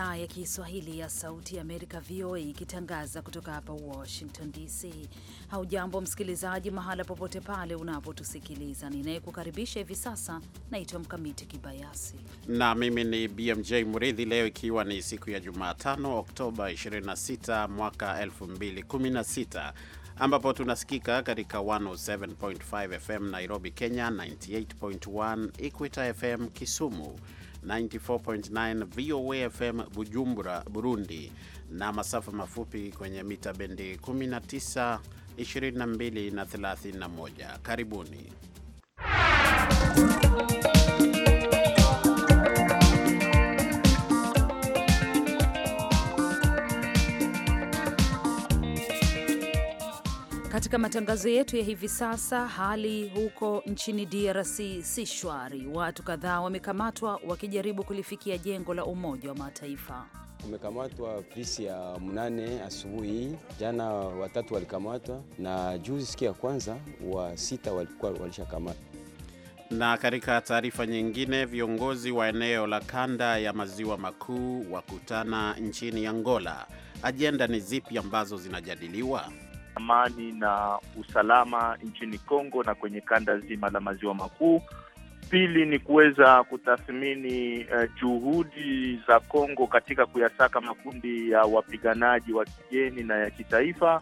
idhaa ya Kiswahili ya Sauti ya Amerika, VOA, ikitangaza kutoka hapa Washington DC. Haujambo msikilizaji, mahala popote pale unapotusikiliza. Ninayekukaribisha hivi sasa naitwa Mkamiti Kibayasi na mimi ni BMJ mridhi Leo ikiwa ni siku ya Jumatano, Oktoba 26 mwaka 2016 ambapo tunasikika katika 107.5 FM Nairobi, Kenya, 98.1 Equita FM Kisumu 94.9 VOA FM Bujumbura, Burundi, na masafa mafupi kwenye mita bendi 19, 22 na 31. Karibuni Katika matangazo yetu ya hivi sasa, hali huko nchini DRC si shwari. Watu kadhaa wamekamatwa wakijaribu kulifikia jengo la Umoja wa Mataifa. Kumekamatwa polisi ya mnane asubuhi jana, watatu walikamatwa na juzi, siku ya kwanza wa sita walikuwa walishakamatwa. Na katika taarifa nyingine, viongozi wa eneo la kanda ya maziwa makuu wakutana nchini Angola. Ajenda ni zipi ambazo zinajadiliwa? amani na usalama nchini Kongo na kwenye kanda zima la maziwa makuu. Pili ni kuweza kutathmini uh, juhudi za Kongo katika kuyasaka makundi ya wapiganaji wa kigeni na ya kitaifa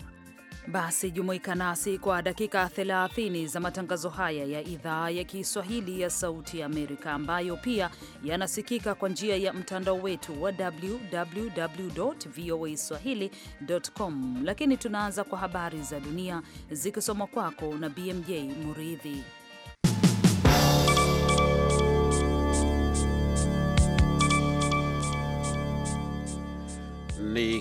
basi jumuika nasi kwa dakika 30 za matangazo haya ya idhaa ya Kiswahili ya Sauti ya Amerika, ambayo pia yanasikika kwa njia ya mtandao wetu wa www voa swahili.com. Lakini tunaanza kwa habari za dunia zikisomwa kwako na BMJ Muridhi.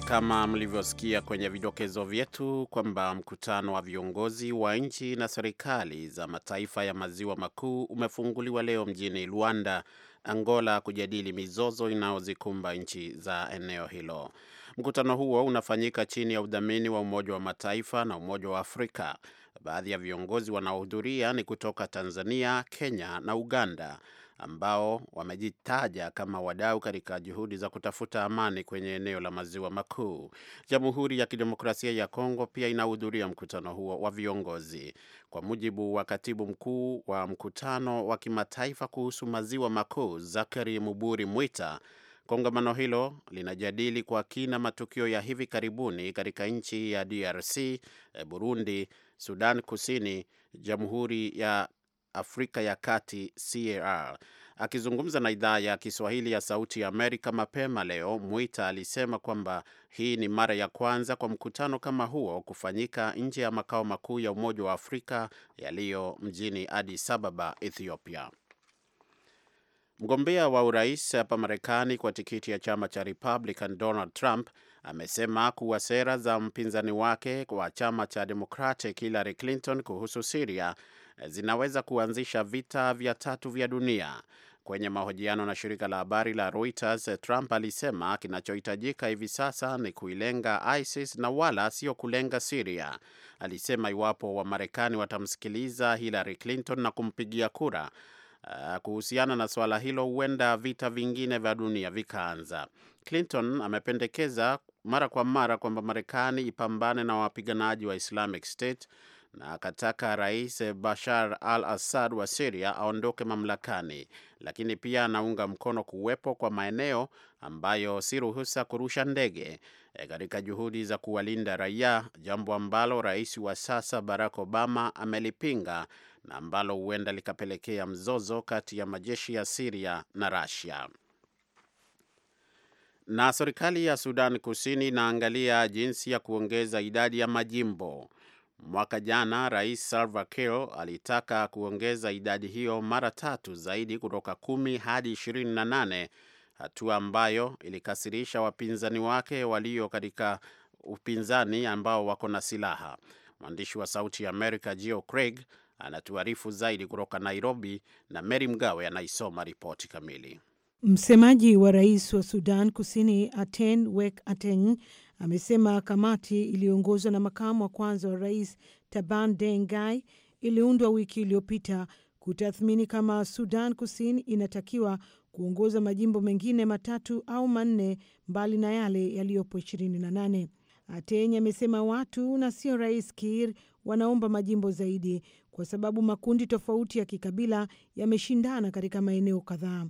Kama mlivyosikia kwenye vidokezo vyetu kwamba mkutano wa viongozi wa nchi na serikali za mataifa ya maziwa makuu umefunguliwa leo mjini Luanda, Angola, kujadili mizozo inayozikumba nchi za eneo hilo. Mkutano huo unafanyika chini ya udhamini wa Umoja wa Mataifa na Umoja wa Afrika. Baadhi ya viongozi wanaohudhuria ni kutoka Tanzania, Kenya na Uganda ambao wamejitaja kama wadau katika juhudi za kutafuta amani kwenye eneo la maziwa makuu. Jamhuri ya Kidemokrasia ya Kongo pia inahudhuria mkutano huo wa viongozi. Kwa mujibu wa katibu mkuu wa mkutano wa kimataifa kuhusu maziwa makuu, Zakari Muburi Mwita, kongamano hilo linajadili kwa kina matukio ya hivi karibuni katika nchi ya DRC, Burundi, Sudan Kusini, Jamhuri ya Afrika ya Kati CAR. Akizungumza na idhaa ya Kiswahili ya Sauti ya Amerika mapema leo, Mwita alisema kwamba hii ni mara ya kwanza kwa mkutano kama huo kufanyika nje ya makao makuu ya Umoja wa Afrika yaliyo mjini Addis Ababa, Ethiopia. Mgombea wa urais hapa Marekani kwa tikiti ya chama cha Republican Donald Trump amesema kuwa sera za mpinzani wake kwa chama cha Democratic Hillary Clinton kuhusu Siria zinaweza kuanzisha vita vya tatu vya dunia. Kwenye mahojiano na shirika la habari la Reuters, Trump alisema kinachohitajika hivi sasa ni kuilenga ISIS na wala sio kulenga Siria. Alisema iwapo Wamarekani watamsikiliza Hillary Clinton na kumpigia kura Uh, kuhusiana na suala hilo huenda vita vingine vya dunia vikaanza. Clinton amependekeza mara kwa mara kwamba Marekani ipambane na wapiganaji wa Islamic State na akataka Rais Bashar al-Assad wa siria aondoke mamlakani, lakini pia anaunga mkono kuwepo kwa maeneo ambayo si ruhusa kurusha ndege e, katika juhudi za kuwalinda raia, jambo ambalo rais wa sasa Barack Obama amelipinga na ambalo huenda likapelekea mzozo kati ya majeshi ya siria na rasia Na serikali ya Sudan Kusini inaangalia jinsi ya kuongeza idadi ya majimbo. Mwaka jana Rais Salva Kiir alitaka kuongeza idadi hiyo mara tatu zaidi kutoka kumi hadi ishirini na nane, hatua ambayo ilikasirisha wapinzani wake walio katika upinzani ambao wako na silaha. Mwandishi wa Sauti ya Amerika Geo Craig anatuarifu zaidi kutoka Nairobi na Mary Mgawe anaisoma ripoti kamili. Msemaji wa rais wa Sudan Kusini Aten Wek Ateng amesema kamati iliyoongozwa na makamu wa kwanza wa rais Taban Deng Gai iliundwa wiki iliyopita kutathmini kama Sudan Kusini inatakiwa kuongoza majimbo mengine matatu au manne mbali na yale yaliyopo 28. Ateny amesema watu na sio rais Kiir wanaomba majimbo zaidi kwa sababu makundi tofauti ya kikabila yameshindana katika maeneo kadhaa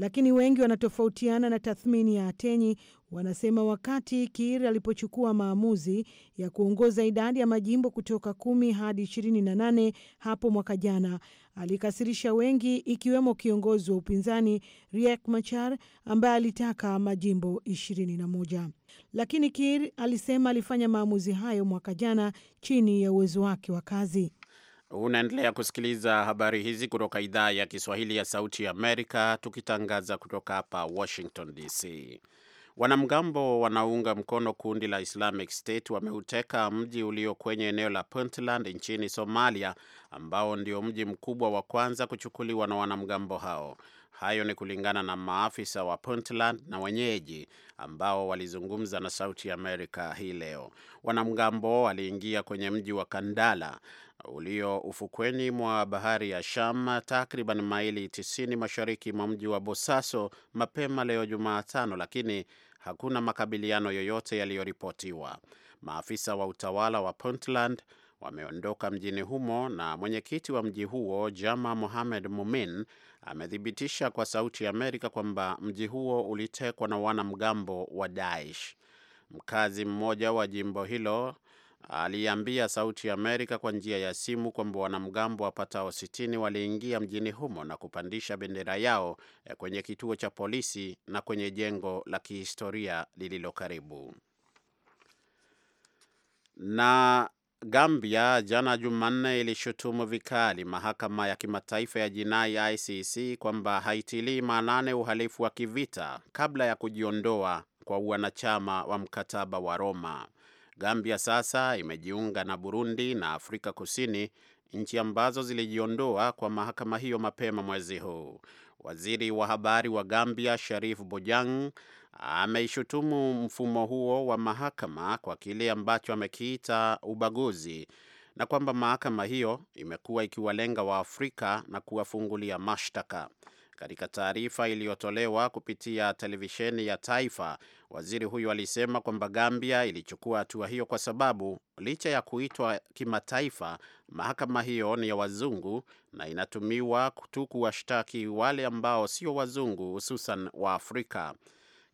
lakini wengi wanatofautiana na tathmini ya Atenyi. Wanasema wakati Kiir alipochukua maamuzi ya kuongoza idadi ya majimbo kutoka kumi hadi ishirini na nane hapo mwaka jana alikasirisha wengi, ikiwemo kiongozi wa upinzani Riek Machar ambaye alitaka majimbo ishirini na moja, lakini Kiir alisema alifanya maamuzi hayo mwaka jana chini ya uwezo wake wa kazi. Unaendelea kusikiliza habari hizi kutoka idhaa ya Kiswahili ya Sauti ya Amerika, tukitangaza kutoka hapa Washington DC. Wanamgambo wanaounga mkono kundi la Islamic State wameuteka mji ulio kwenye eneo la Puntland nchini Somalia, ambao ndio mji mkubwa wa kwanza kuchukuliwa na wanamgambo hao. Hayo ni kulingana na maafisa wa Puntland na wenyeji ambao walizungumza na Sauti Amerika hii leo. Wanamgambo waliingia kwenye mji wa Kandala ulio ufukweni mwa bahari ya Sham, takriban maili 90 mashariki mwa mji wa Bosaso mapema leo Jumatano, lakini hakuna makabiliano yoyote yaliyoripotiwa. Maafisa wa utawala wa Puntland wameondoka mjini humo, na mwenyekiti wa mji huo Jama Mohamed Mumin amethibitisha kwa Sauti ya Amerika kwamba mji huo ulitekwa na wanamgambo wa Daesh. Mkazi mmoja wa jimbo hilo aliambia Sauti ya Amerika kwa njia ya simu kwamba wanamgambo wapatao sitini waliingia mjini humo na kupandisha bendera yao eh, kwenye kituo cha polisi na kwenye jengo la kihistoria lililo karibu. Na Gambia jana Jumanne ilishutumu vikali mahakama ya kimataifa ya jinai ICC kwamba haitilii maanane uhalifu wa kivita kabla ya kujiondoa kwa wanachama wa mkataba wa Roma. Gambia sasa imejiunga na Burundi na Afrika Kusini, nchi ambazo zilijiondoa kwa mahakama hiyo mapema mwezi huu. Waziri wa habari wa Gambia Sharif Bojang ameishutumu mfumo huo wa mahakama kwa kile ambacho amekiita ubaguzi na kwamba mahakama hiyo imekuwa ikiwalenga Waafrika na kuwafungulia mashtaka. Katika taarifa iliyotolewa kupitia televisheni ya taifa, waziri huyu alisema kwamba Gambia ilichukua hatua hiyo kwa sababu licha ya kuitwa kimataifa, mahakama hiyo ni ya wazungu na inatumiwa tu kuwashtaki wale ambao sio wazungu, hususan wa Afrika.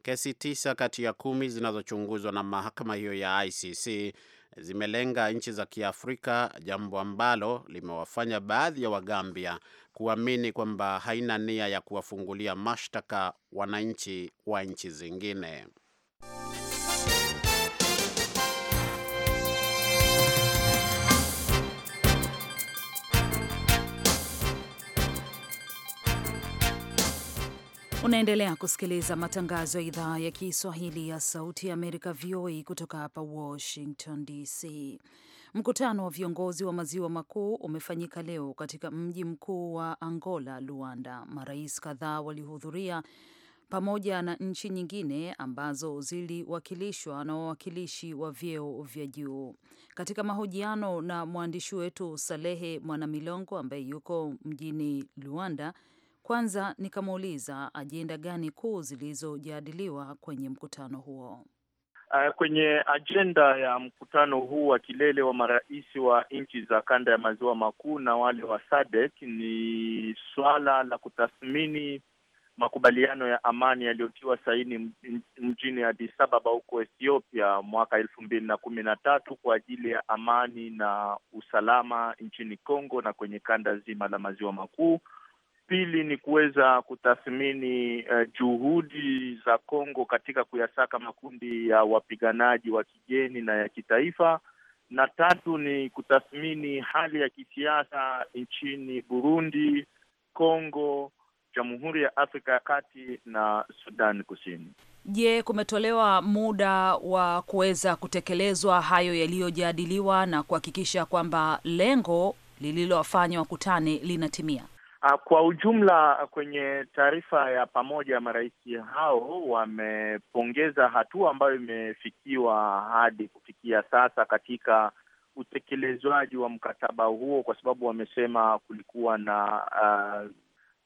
Kesi tisa kati ya kumi zinazochunguzwa na mahakama hiyo ya ICC zimelenga nchi za Kiafrika, jambo ambalo limewafanya baadhi ya Wagambia kuamini kwamba haina nia ya kuwafungulia mashtaka wananchi wa nchi zingine. Unaendelea kusikiliza matangazo ya idhaa ya Kiswahili ya Sauti ya Amerika, VOA, kutoka hapa Washington DC. Mkutano wa viongozi wa maziwa makuu umefanyika leo katika mji mkuu wa Angola, Luanda. Marais kadhaa walihudhuria pamoja na nchi nyingine ambazo ziliwakilishwa na wawakilishi wa vyeo vya juu. Katika mahojiano na mwandishi wetu Salehe Mwanamilongo ambaye yuko mjini Luanda, kwanza nikamuuliza ajenda gani kuu zilizojadiliwa kwenye mkutano huo. Uh, kwenye ajenda ya mkutano huu wa kilele wa marais wa nchi za kanda ya maziwa makuu na wale wa SADC ni suala la kutathmini makubaliano ya amani yaliyotiwa saini mjini Addis Ababa huko Ethiopia mwaka elfu mbili na kumi na tatu kwa ajili ya amani na usalama nchini Kongo na kwenye kanda zima la maziwa makuu Pili ni kuweza kutathmini uh, juhudi za Kongo katika kuyasaka makundi ya wapiganaji wa kigeni na ya kitaifa, na tatu ni kutathmini hali ya kisiasa nchini Burundi, Kongo, Jamhuri ya Afrika ya Kati na Sudan Kusini. Je, kumetolewa muda wa kuweza kutekelezwa hayo yaliyojadiliwa na kuhakikisha kwamba lengo lililofanywa wakutane linatimia? Ah, kwa ujumla kwenye taarifa ya pamoja ya marais hao wamepongeza hatua ambayo imefikiwa hadi kufikia sasa katika utekelezwaji wa mkataba huo, kwa sababu wamesema kulikuwa na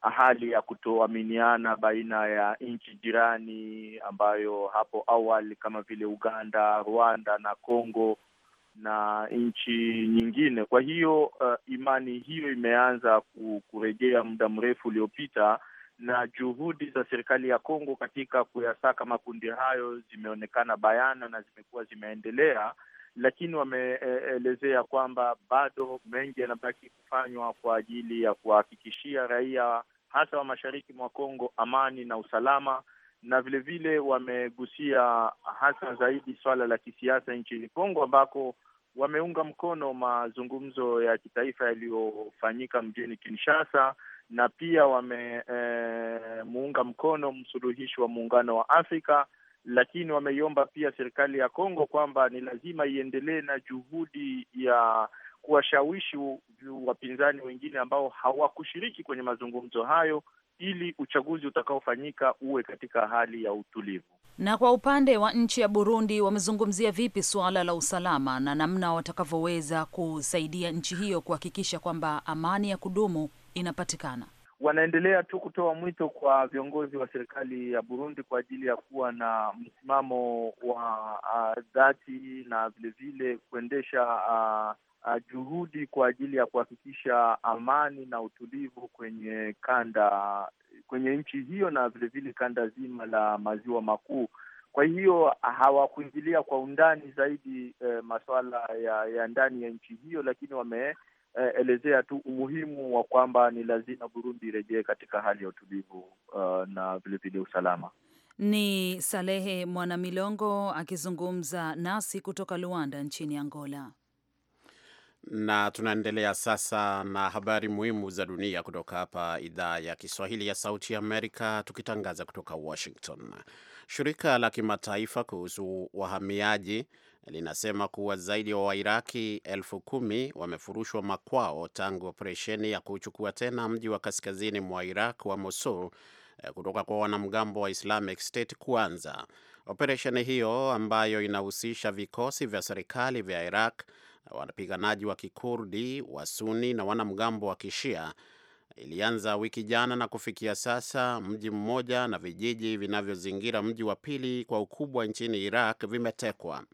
uh, hali ya kutoaminiana baina ya nchi jirani ambayo hapo awali kama vile Uganda, Rwanda na congo na nchi nyingine. Kwa hiyo uh, imani hiyo imeanza kurejea muda mrefu uliopita, na juhudi za serikali ya Kongo katika kuyasaka makundi hayo zimeonekana bayana na zimekuwa zimeendelea, lakini wameelezea kwamba bado mengi yanabaki kufanywa kwa ajili ya kuwahakikishia raia hasa wa mashariki mwa Kongo amani na usalama na vilevile wamegusia hasa zaidi swala la kisiasa nchini Kongo ambako wameunga mkono mazungumzo ya kitaifa yaliyofanyika mjini Kinshasa na pia wamemuunga eh, e, mkono msuluhishi wa muungano wa Afrika, lakini wameiomba pia serikali ya Kongo kwamba ni lazima iendelee na juhudi ya kuwashawishi wapinzani wengine ambao hawakushiriki kwenye mazungumzo hayo ili uchaguzi utakaofanyika uwe katika hali ya utulivu. Na kwa upande wa nchi ya Burundi, wamezungumzia vipi suala la usalama na namna watakavyoweza kusaidia nchi hiyo kuhakikisha kwamba amani ya kudumu inapatikana? Wanaendelea tu kutoa mwito kwa viongozi wa serikali ya Burundi kwa ajili ya kuwa na msimamo wa uh, dhati na vilevile kuendesha uh, uh, juhudi kwa ajili ya kuhakikisha amani na utulivu kwenye kanda kwenye nchi hiyo na vilevile kanda zima la maziwa makuu. Kwa hiyo hawakuingilia kwa undani zaidi eh, masuala ya, ya ndani ya nchi hiyo, lakini wameelezea eh, tu umuhimu wa kwamba ni lazima Burundi irejee katika hali ya utulivu uh, na vilevile usalama. Ni Salehe Mwanamilongo akizungumza nasi kutoka Luanda nchini Angola na tunaendelea sasa na habari muhimu za dunia kutoka hapa idhaa ya Kiswahili ya Sauti Amerika, tukitangaza kutoka Washington. Shirika la kimataifa kuhusu wahamiaji linasema kuwa zaidi ya wa Wairaki elfu kumi wamefurushwa makwao tangu operesheni ya kuchukua tena mji wa kaskazini mwa Iraq wa Mosul eh, kutoka kwa wanamgambo wa Islamic State kuanza. Operesheni hiyo ambayo inahusisha vikosi vya serikali vya Iraq wapiganaji wa Kikurdi, Wasuni na wanamgambo wa Kishia ilianza wiki jana na kufikia sasa mji mmoja na vijiji vinavyozingira mji wa pili kwa ukubwa nchini Iraq vimetekwa.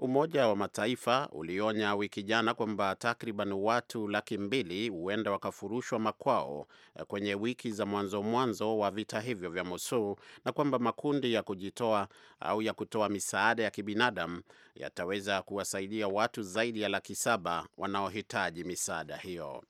Umoja wa Mataifa ulionya wiki jana kwamba takriban watu laki mbili huenda wakafurushwa makwao eh, kwenye wiki za mwanzo mwanzo wa vita hivyo vya Mosul na kwamba makundi ya kujitoa au ya kutoa misaada ya kibinadamu yataweza kuwasaidia watu zaidi ya laki saba wanaohitaji misaada hiyo.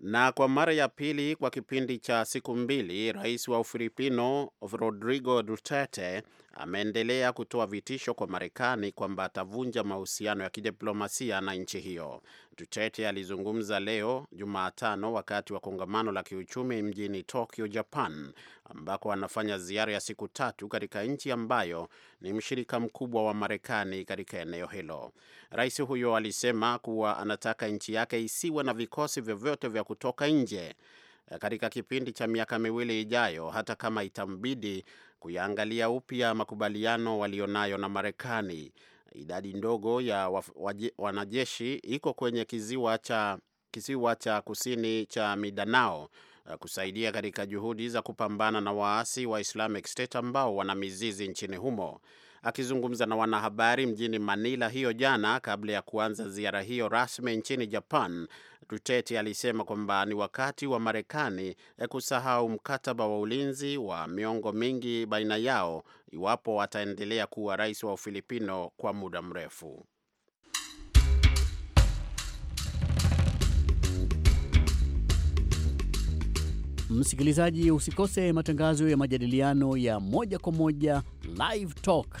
Na kwa mara ya pili kwa kipindi cha siku mbili, rais wa Ufilipino Rodrigo Duterte ameendelea kutoa vitisho kwa Marekani kwamba atavunja mahusiano ya kidiplomasia na nchi hiyo. Duterte alizungumza leo Jumatano wakati wa kongamano la kiuchumi mjini Tokyo, Japan, ambako anafanya ziara ya siku tatu katika nchi ambayo ni mshirika mkubwa wa Marekani katika eneo hilo. Rais huyo alisema kuwa anataka nchi yake isiwe na vikosi vyovyote vya kutoka nje katika kipindi cha miaka miwili ijayo, hata kama itambidi kuyaangalia upya makubaliano walionayo na Marekani. Idadi ndogo ya wanajeshi iko kwenye kisiwa cha, kiziwa cha kusini cha midanao eh, kusaidia katika juhudi za kupambana na waasi wa Islamic State ambao wana mizizi nchini humo akizungumza na wanahabari mjini Manila hiyo jana kabla ya kuanza ziara hiyo rasmi nchini Japan, Duterte alisema kwamba ni wakati wa Marekani eh, kusahau mkataba wa ulinzi wa miongo mingi baina yao iwapo ataendelea kuwa rais wa Ufilipino kwa muda mrefu. Msikilizaji, usikose matangazo ya majadiliano ya moja kwa moja Live Talk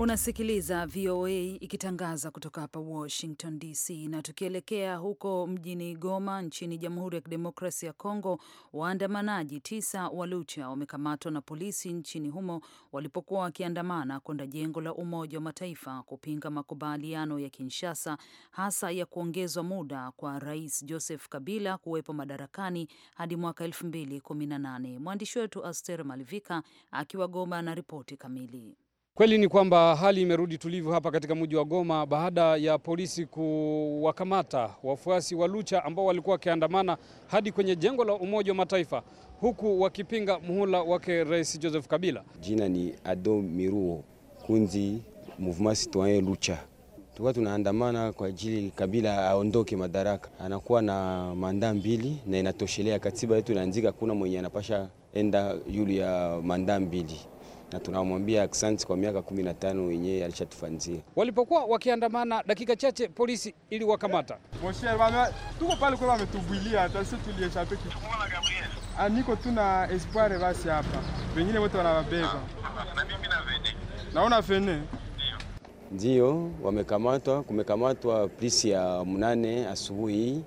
Unasikiliza VOA ikitangaza kutoka hapa Washington DC. Na tukielekea huko mjini Goma nchini Jamhuri ya Kidemokrasi ya Kongo, waandamanaji tisa wa Lucha wamekamatwa na polisi nchini humo walipokuwa wakiandamana kwenda jengo la Umoja wa Mataifa kupinga makubaliano ya Kinshasa, hasa ya kuongezwa muda kwa Rais Joseph Kabila kuwepo madarakani hadi mwaka 2018. Mwandishi wetu Aster Malivika akiwa Goma na ripoti kamili. Kweli ni kwamba hali imerudi tulivu hapa katika mji wa Goma baada ya polisi kuwakamata wafuasi wa Lucha ambao walikuwa wakiandamana hadi kwenye jengo la Umoja wa Mataifa huku wakipinga muhula wake Rais Joseph Kabila. Jina ni Ado Miruo, kunzi Mouvement Citoyen Lucha. Tulikuwa tunaandamana kwa ajili Kabila aondoke madaraka. Anakuwa na mandaa mbili na inatoshelea, katiba yetu naanzika kuna mwenye anapasha enda yulu ya mandaa mbili na tunamwambia asante kwa miaka 15 wenyewe alishatufanzia. Walipokuwa wakiandamana dakika chache, polisi ili wakamata tuko pale kwa Aniko ah, tuna espoir basi hapa, wengine wote wanabeba naona fene ndio wamekamatwa. Kumekamatwa polisi ya mnane asubuhi,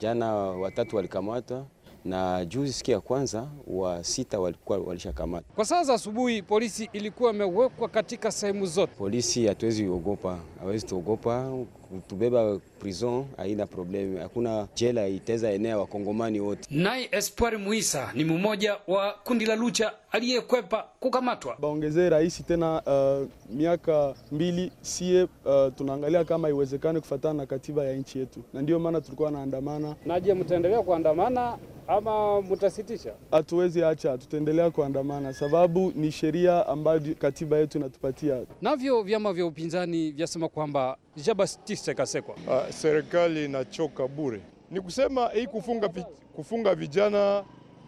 jana watatu walikamatwa na juzi sikia kwanza wa sita walikuwa walishakamata. Kwa sasa asubuhi, polisi ilikuwa imewekwa katika sehemu zote. Polisi hatuwezi ogopa, hawezi tuogopa kutubeba prison, haina problemu, hakuna jela iteza enea wakongomani wote. Naye Espoir Muisa ni mmoja wa kundi la Lucha aliyekwepa kukamatwa. Baongezee rais tena uh, miaka mbili sie, uh, tunaangalia kama iwezekane kufatana na katiba ya nchi yetu, na ndiyo maana tulikuwa naandamana. Naje mtaendelea kuandamana ama mtasitisha? Hatuwezi acha, tutaendelea kuandamana sababu ni sheria ambayo katiba yetu inatupatia. Navyo vyama vya upinzani vyasema kwamba Jebatiste Kasekwa, uh, serikali inachoka bure. Ni kusema hii kufunga, kufunga vijana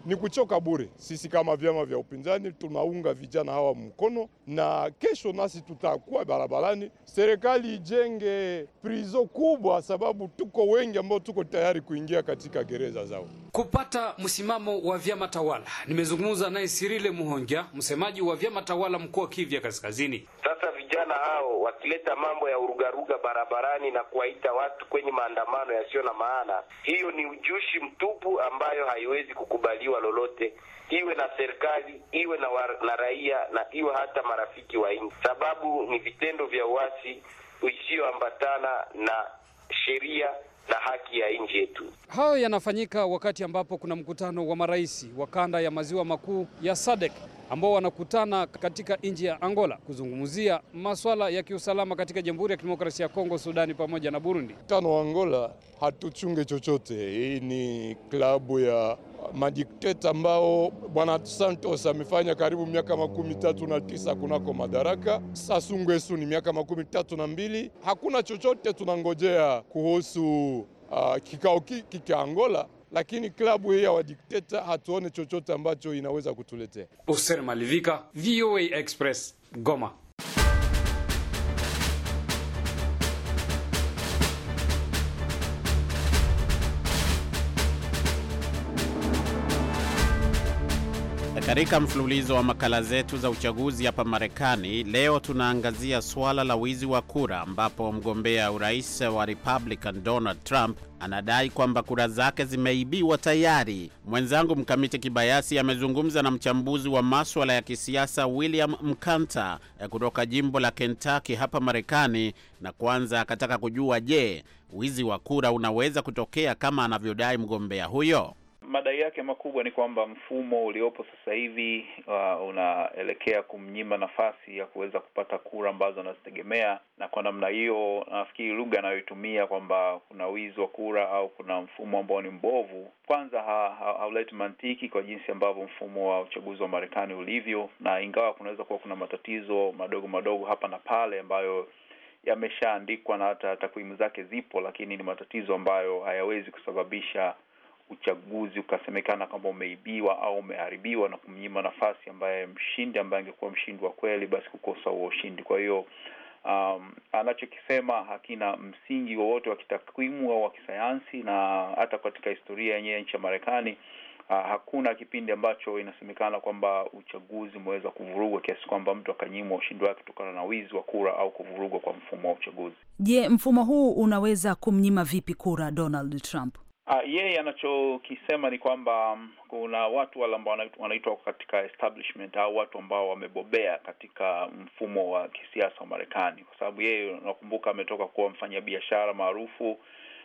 ni kuchoka bure. Sisi kama vyama vya upinzani tunaunga vijana hawa mkono, na kesho nasi tutakuwa barabarani. Serikali ijenge prizo kubwa, sababu tuko wengi ambao tuko tayari kuingia katika gereza zao kupata msimamo wa vyama tawala. Nimezungumza naye Sirile Muhonja, msemaji wa vyama tawala mkoa wa Kivu Kaskazini. Sasa vijana hao wakileta mambo ya urugaruga barabarani na kuwaita watu kwenye maandamano yasiyo na maana, hiyo ni ujushi mtupu ambayo haiwezi kukubaliwa lolote, iwe na serikali iwe na, wa, na raia na iwe hata marafiki wa nchi, sababu ni vitendo vya uasi isiyoambatana na sheria na haki ya nchi yetu. Hayo yanafanyika wakati ambapo kuna mkutano wa marais wa kanda ya maziwa makuu ya SADC ambao wanakutana katika nchi ya Angola kuzungumzia masuala ya kiusalama katika Jamhuri ya Kidemokrasia ya Kongo, Sudani pamoja na Burundi. Mkutano wa Angola hatuchunge chochote. Hii ni klabu ya madikteta ambao bwana Santos amefanya karibu miaka makumi tatu na tisa kunako madaraka. Sassou ni miaka makumi tatu na mbili. Hakuna chochote tunangojea kuhusu Ah, kikao hiki cha Angola, lakini klabu hii ya wadikteta hatuone chochote ambacho inaweza kutuletea. Useni Malivika, VOA Express, Goma. Katika mfululizo wa makala zetu za uchaguzi hapa Marekani, leo tunaangazia suala la wizi wa kura, ambapo mgombea urais wa Republican Donald Trump anadai kwamba kura zake zimeibiwa tayari. Mwenzangu Mkamiti Kibayasi amezungumza na mchambuzi wa maswala ya kisiasa William Mkanta eh, kutoka jimbo la Kentucky hapa Marekani, na kwanza akataka kujua, je, wizi wa kura unaweza kutokea kama anavyodai mgombea huyo? madai yake makubwa ni kwamba mfumo uliopo sasa hivi uh, unaelekea kumnyima nafasi ya kuweza kupata kura ambazo anazitegemea, na kwa namna hiyo nafikiri lugha anayoitumia kwamba kuna wizi wa kura au kuna mfumo ambao ni mbovu, kwanza hauleti ha, ha, mantiki kwa jinsi ambavyo mfumo wa uchaguzi wa Marekani ulivyo, na ingawa kunaweza kuwa kuna matatizo madogo madogo hapa na pale ambayo yameshaandikwa na hata takwimu zake zipo, lakini ni matatizo ambayo hayawezi kusababisha uchaguzi ukasemekana kwamba umeibiwa au umeharibiwa na kumnyima nafasi ambaye mshindi ambaye angekuwa mshindi wa kweli, basi kukosa huo ushindi. Kwa hiyo um, anachokisema hakina msingi wowote wa kitakwimu au wa kisayansi, na hata katika historia yenyewe ya nchi ya Marekani uh, hakuna kipindi ambacho inasemekana kwamba uchaguzi umeweza kuvurugwa kiasi kwamba mtu akanyimwa ushindi wake kutokana na wizi wa kura au kuvurugwa kwa mfumo wa uchaguzi. Je, mfumo huu unaweza kumnyima vipi kura Donald Trump? Uh, yeye anachokisema ni kwamba mm, kuna watu wale ambao wanaitwa katika establishment au watu ambao wamebobea katika mfumo wa kisiasa wa Marekani, kwa sababu yeye unakumbuka ametoka kuwa mfanyabiashara maarufu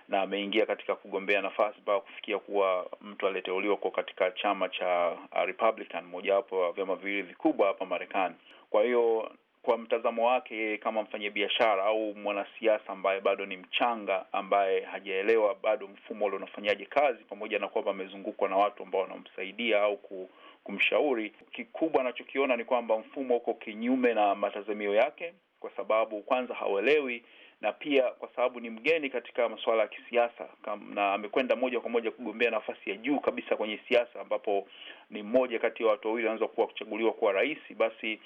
na ameingia katika kugombea nafasi mpaka kufikia kuwa mtu aliyeteuliwa kwa katika chama cha ah, Republican, mojawapo wa vyama viwili vikubwa hapa Marekani. Kwa hiyo kwa mtazamo wake yeye kama mfanyabiashara au mwanasiasa ambaye bado ni mchanga, ambaye hajaelewa bado mfumo ule unafanyaje kazi, pamoja na kwamba amezungukwa na watu ambao wanamsaidia au kumshauri. Kikubwa anachokiona ni kwamba mfumo uko kinyume na matazamio yake, kwa sababu kwanza hauelewi na pia kwa sababu ni mgeni katika masuala ya kisiasa na amekwenda moja kwa moja kugombea nafasi ya juu kabisa kwenye siasa, ambapo ni mmoja kati ya watu wawili anaweza kuwa kuchaguliwa kuwa rahisi Basi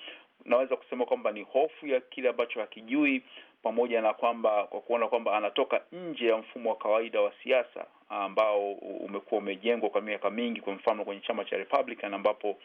naweza kusema kwamba ni hofu ya kile ambacho hakijui, pamoja na kwamba kwa kuona kwamba anatoka nje ya mfumo wa kawaida wa siasa ambao umekuwa umejengwa kwa miaka mingi, kwa mfano kwenye chama cha Republican ambapo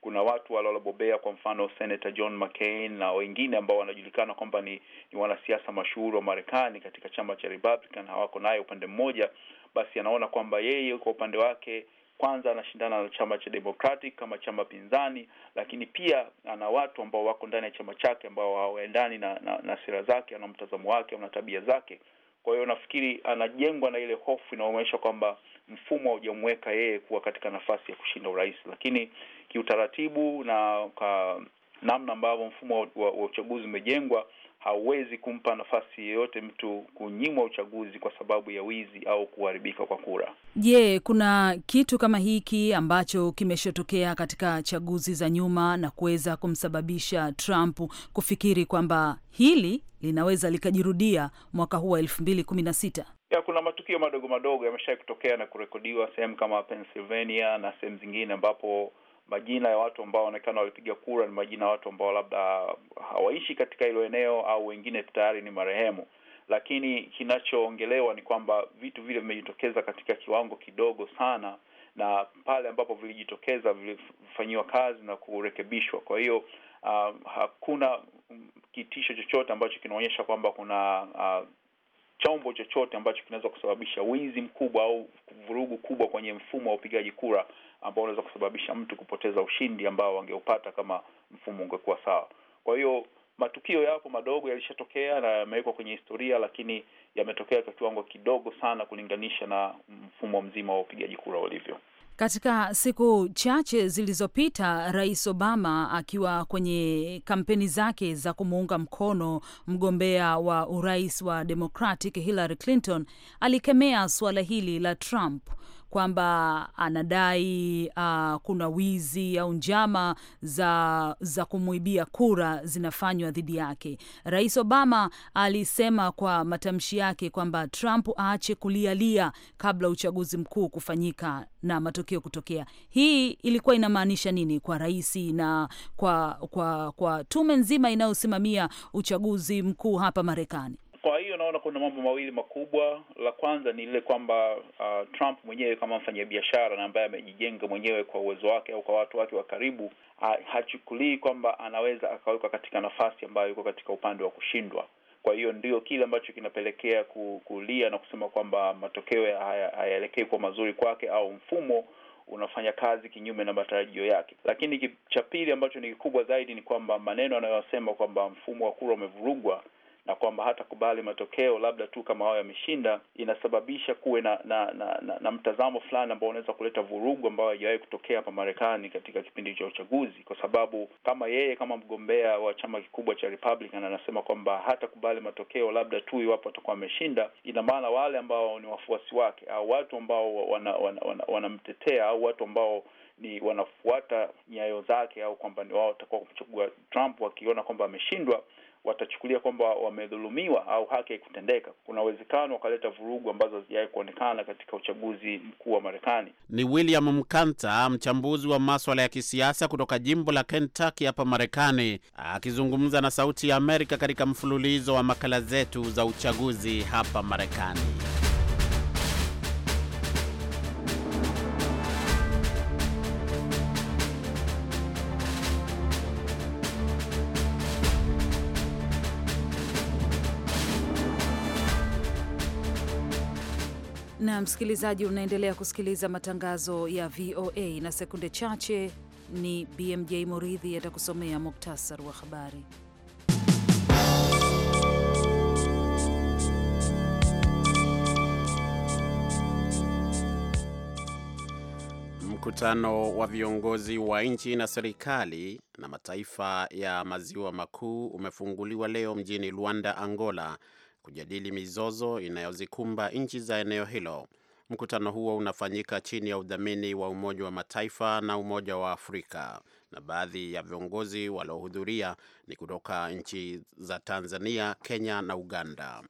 kuna watu walobobea, kwa mfano Senator John McCain na wengine ambao wanajulikana kwamba ni, ni wanasiasa mashuhuri wa Marekani katika chama cha Republican, hawako naye upande mmoja, basi anaona kwamba yeye kwa upande wake kwanza anashindana na chama cha Democratic kama chama pinzani, lakini pia ana watu ambao wako ndani ya chama chake ambao hawaendani na, na, na sera zake, ana mtazamo wake, ana tabia zake. Kwa hiyo nafikiri anajengwa na ile hofu inayoonyesha kwamba mfumo haujamweka yeye kuwa katika nafasi ya kushinda urais, lakini kiutaratibu na kwa namna ambavyo mfumo wa uchaguzi umejengwa hauwezi kumpa nafasi yeyote mtu kunyimwa uchaguzi kwa sababu ya wizi au kuharibika kwa kura. Je, kuna kitu kama hiki ambacho kimeshotokea katika chaguzi za nyuma na kuweza kumsababisha Trump kufikiri kwamba hili linaweza likajirudia mwaka huu wa elfu mbili kumi na sita? Ya, kuna matukio madogo madogo yameshai kutokea na kurekodiwa sehemu kama Pennsylvania na sehemu zingine ambapo majina ya watu ambao wanaonekana walipiga kura ni majina ya watu ambao labda hawaishi katika hilo eneo au wengine tayari ni marehemu. Lakini kinachoongelewa ni kwamba vitu vile vimejitokeza katika kiwango kidogo sana, na pale ambapo vilijitokeza vilifanyiwa kazi na kurekebishwa. Kwa hiyo uh, hakuna kitisho chochote ambacho kinaonyesha kwamba kuna uh, chombo chochote ambacho kinaweza kusababisha wizi mkubwa au vurugu kubwa kwenye mfumo wa upigaji kura ambao unaweza kusababisha mtu kupoteza ushindi ambao wangeupata kama mfumo ungekuwa sawa. Kwa hiyo matukio yapo madogo, yalishatokea na yamewekwa kwenye historia, lakini yametokea kwa kiwango kidogo sana kulinganisha na mfumo mzima wa upigaji kura ulivyo. Katika siku chache zilizopita, Rais Obama akiwa kwenye kampeni zake za kumuunga mkono mgombea wa urais wa Democratic Hillary Clinton alikemea suala hili la Trump kwamba anadai uh, kuna wizi au njama za, za kumwibia kura zinafanywa dhidi yake. Rais Obama alisema kwa matamshi yake kwamba Trump aache kulialia kabla uchaguzi mkuu kufanyika na matokeo kutokea. Hii ilikuwa inamaanisha nini kwa rais na kwa, kwa, kwa tume nzima inayosimamia uchaguzi mkuu hapa Marekani? naona kuna mambo mawili makubwa. La kwanza ni lile kwamba uh, Trump mwenyewe kama mfanyabiashara na ambaye amejijenga mwenyewe kwa uwezo wake au kwa watu wake wa karibu uh, hachukulii kwamba anaweza akawekwa katika nafasi ambayo iko katika upande wa kushindwa. Kwa hiyo ndio kile ambacho kinapelekea kulia na kusema kwamba matokeo hayaelekei haya kwa mazuri kwake au mfumo unafanya kazi kinyume na matarajio yake. Lakini cha pili ambacho ni kikubwa zaidi ni kwamba maneno anayosema kwamba mfumo wa kura umevurugwa na kwamba hata kubali matokeo labda tu kama wao yameshinda, inasababisha kuwe na na, na, na, na mtazamo fulani ambao unaweza kuleta vurugu ambayo haijawahi kutokea hapa Marekani katika kipindi cha uchaguzi, kwa sababu kama yeye kama mgombea wa chama kikubwa cha Republican anasema kwamba hata kubali matokeo labda tu iwapo atakuwa ameshinda, ina maana wale ambao ni wafuasi wake au watu ambao wanamtetea wana, wana, wana au watu ambao ni wanafuata nyayo zake au kwamba ni wao watakuwa kumchagua Trump wakiona kwamba ameshindwa watachukulia kwamba wamedhulumiwa au haki haikutendeka, kuna uwezekano wakaleta vurugu ambazo hazijawahi kuonekana katika uchaguzi mkuu wa Marekani. Ni William Mkanta, mchambuzi wa maswala ya kisiasa kutoka jimbo la Kentucky hapa Marekani, akizungumza na Sauti ya Amerika katika mfululizo wa makala zetu za uchaguzi hapa Marekani. na msikilizaji, unaendelea kusikiliza matangazo ya VOA na sekunde chache ni BMJ Muridhi atakusomea muktasar wa habari. Mkutano wa viongozi wa nchi na serikali na mataifa ya maziwa makuu umefunguliwa leo mjini Luanda, Angola kujadili mizozo inayozikumba nchi za eneo hilo. Mkutano huo unafanyika chini ya udhamini wa Umoja wa Mataifa na Umoja wa Afrika, na baadhi ya viongozi waliohudhuria ni kutoka nchi za Tanzania, Kenya na Uganda.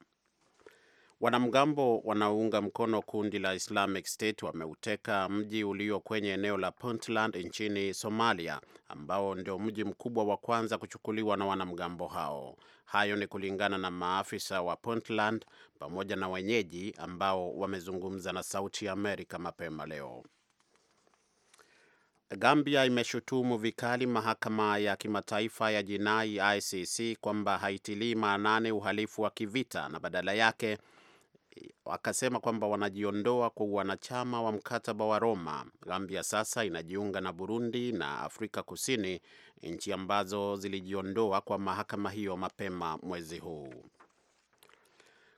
Wanamgambo wanaounga mkono kundi la Islamic State wameuteka mji ulio kwenye eneo la Puntland nchini Somalia, ambao ndio mji mkubwa wa kwanza kuchukuliwa na wanamgambo hao. Hayo ni kulingana na maafisa wa Puntland pamoja na wenyeji ambao wamezungumza na Sauti ya Amerika mapema leo. Gambia imeshutumu vikali mahakama ya kimataifa ya jinai ICC kwamba haitilii maanani uhalifu wa kivita na badala yake wakasema kwamba wanajiondoa kwa wanachama wa mkataba wa Roma. Gambia sasa inajiunga na Burundi na Afrika Kusini, nchi ambazo zilijiondoa kwa mahakama hiyo mapema mwezi huu.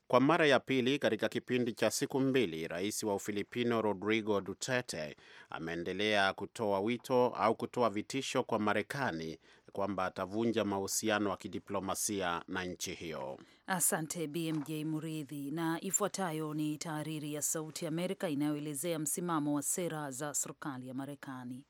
Kwa mara ya pili katika kipindi cha siku mbili, rais wa Ufilipino Rodrigo Duterte ameendelea kutoa wito au kutoa vitisho kwa Marekani kwamba atavunja mahusiano ya kidiplomasia na nchi hiyo. Asante BMJ Muridhi, na ifuatayo ni tahariri ya Sauti ya Amerika inayoelezea msimamo wa sera za serikali ya Marekani.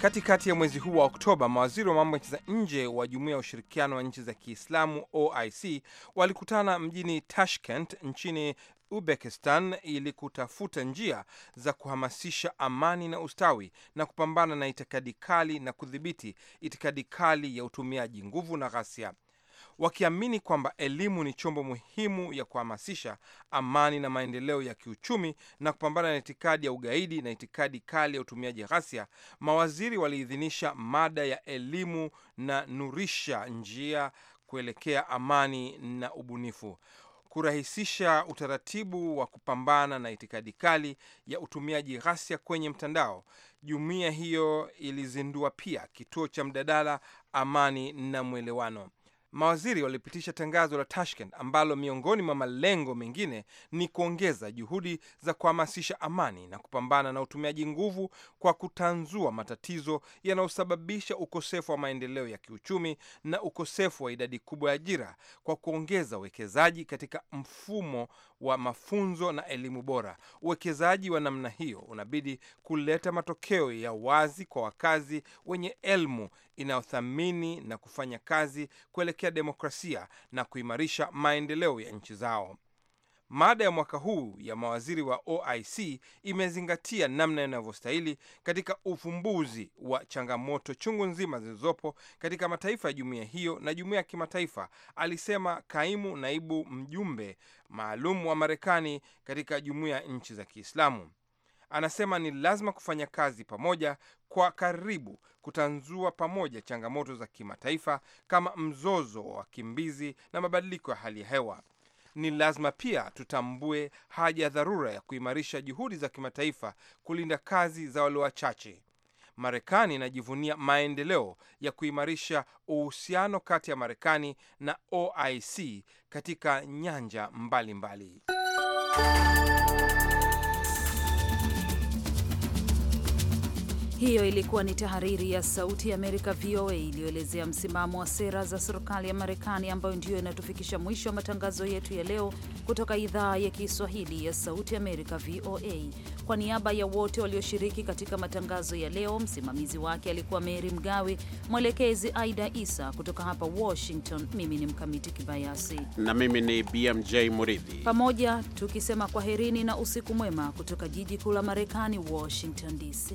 Katikati ya mwezi huu wa Oktoba, mawaziri wa mambo ya nchi za nje wa Jumuiya ya Ushirikiano wa Nchi za Kiislamu, OIC, walikutana mjini Tashkent nchini Uzbekistan ili kutafuta njia za kuhamasisha amani na ustawi na kupambana na itikadi kali na kudhibiti itikadi kali ya utumiaji nguvu na ghasia, wakiamini kwamba elimu ni chombo muhimu ya kuhamasisha amani na maendeleo ya kiuchumi na kupambana na itikadi ya ugaidi na itikadi kali ya utumiaji ghasia. Mawaziri waliidhinisha mada ya elimu na nurisha njia kuelekea amani na ubunifu kurahisisha utaratibu wa kupambana na itikadi kali ya utumiaji ghasia kwenye mtandao. Jumuiya hiyo ilizindua pia kituo cha mjadala, amani na mwelewano mawaziri walipitisha tangazo la Tashkent ambalo miongoni mwa malengo mengine ni kuongeza juhudi za kuhamasisha amani na kupambana na utumiaji nguvu kwa kutanzua matatizo yanayosababisha ukosefu wa maendeleo ya kiuchumi na ukosefu wa idadi kubwa ya ajira kwa kuongeza uwekezaji katika mfumo wa mafunzo na elimu bora. Uwekezaji wa namna hiyo unabidi kuleta matokeo ya wazi kwa wakazi wenye elimu inayothamini na kufanya kazi kuelekea haki demokrasia na kuimarisha maendeleo ya nchi zao. Mada ya mwaka huu ya mawaziri wa OIC imezingatia namna inavyostahili katika ufumbuzi wa changamoto chungu nzima zilizopo katika mataifa ya jumuiya hiyo na jumuiya ya kimataifa, alisema kaimu naibu mjumbe maalum wa Marekani katika jumuiya ya nchi za Kiislamu anasema ni lazima kufanya kazi pamoja kwa karibu kutanzua pamoja changamoto za kimataifa kama mzozo wa wakimbizi na mabadiliko ya hali ya hewa. Ni lazima pia tutambue haja ya dharura ya kuimarisha juhudi za kimataifa kulinda kazi za walio wachache. Marekani inajivunia maendeleo ya kuimarisha uhusiano kati ya Marekani na OIC katika nyanja mbalimbali mbali. Hiyo ilikuwa ni tahariri ya Sauti ya Amerika, VOA, iliyoelezea msimamo wa sera za serikali ya Marekani, ambayo ndiyo inatufikisha mwisho wa matangazo yetu ya leo kutoka idhaa ya Kiswahili ya Sauti ya Amerika, VOA. Kwa niaba ya wote walioshiriki katika matangazo ya leo, msimamizi wake alikuwa Meri Mgawe, mwelekezi Aida Isa. Kutoka hapa Washington, mimi ni Mkamiti Kibayasi na mimi ni BMJ Muridhi, pamoja tukisema kwaherini na usiku mwema kutoka jiji kuu la Marekani, Washington DC.